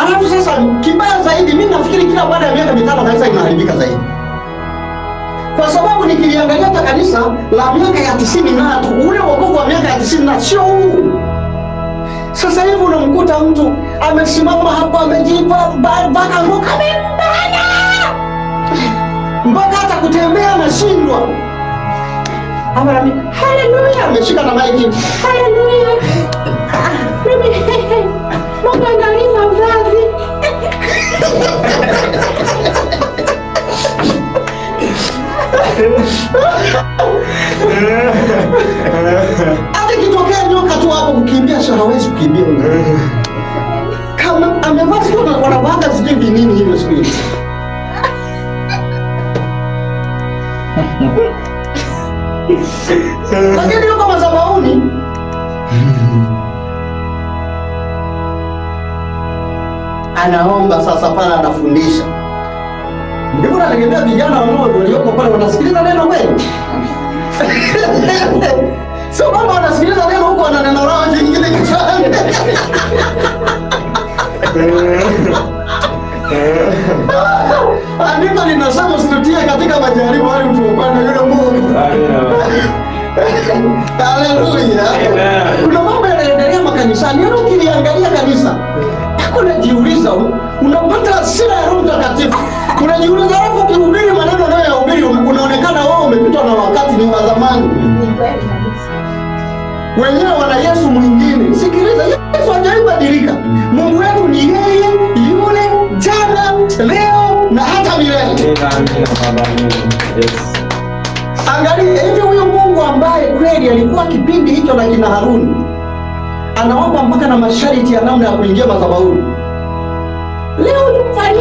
Alafu sasa kibaya zaidi, mimi nafikiri kila baada ya miaka mitano kanisa inaharibika zaidi, kwa sababu nikiliangalia hata kanisa la miaka ya tisini na tu ule wokovu wa miaka ya tisini na sio huu sasa hivi. Unamkuta mtu amesimama hapo amejipa mpaka nguo kamembana mpaka hata kutembea anashindwa. Haleluya, ameshika na maiki haleluya hata kitokea nyoka tu hapo mkimbia sha hawezi kukimbia. Kama amevaa sio na wanavaa sijui nini hiyo siku hiyo. Lakini yuko mazabauni. Anaomba sasa pala anafundisha. Ndivyo nategemea vijana walioko pale wanasikiliza neno kweli. Sio kwamba wanasikiliza neno huko wana neno lao jingine kichwani. Andiko linasema usitutie katika majaribu bali utuokoe na yule Mungu. Haleluya. Amen. unajiuliza, unapata hasira ya Roho Mtakatifu, unajiuliza, alafu ukihubiri maneno unayoyahubiri unaonekana wewe umepitwa na wakati, ni wa zamani. Wenyewe wana Yesu mwingine. Sikiliza, Yesu hajaibadilika. Mungu wetu ni yeye yule jana, leo na hata milele. Angalia hivi, huyo Mungu ambaye kweli alikuwa kipindi hicho na kina Haruni anawapa mpaka na masharti ya namna ya kuingia madhabahuni. 六勇才。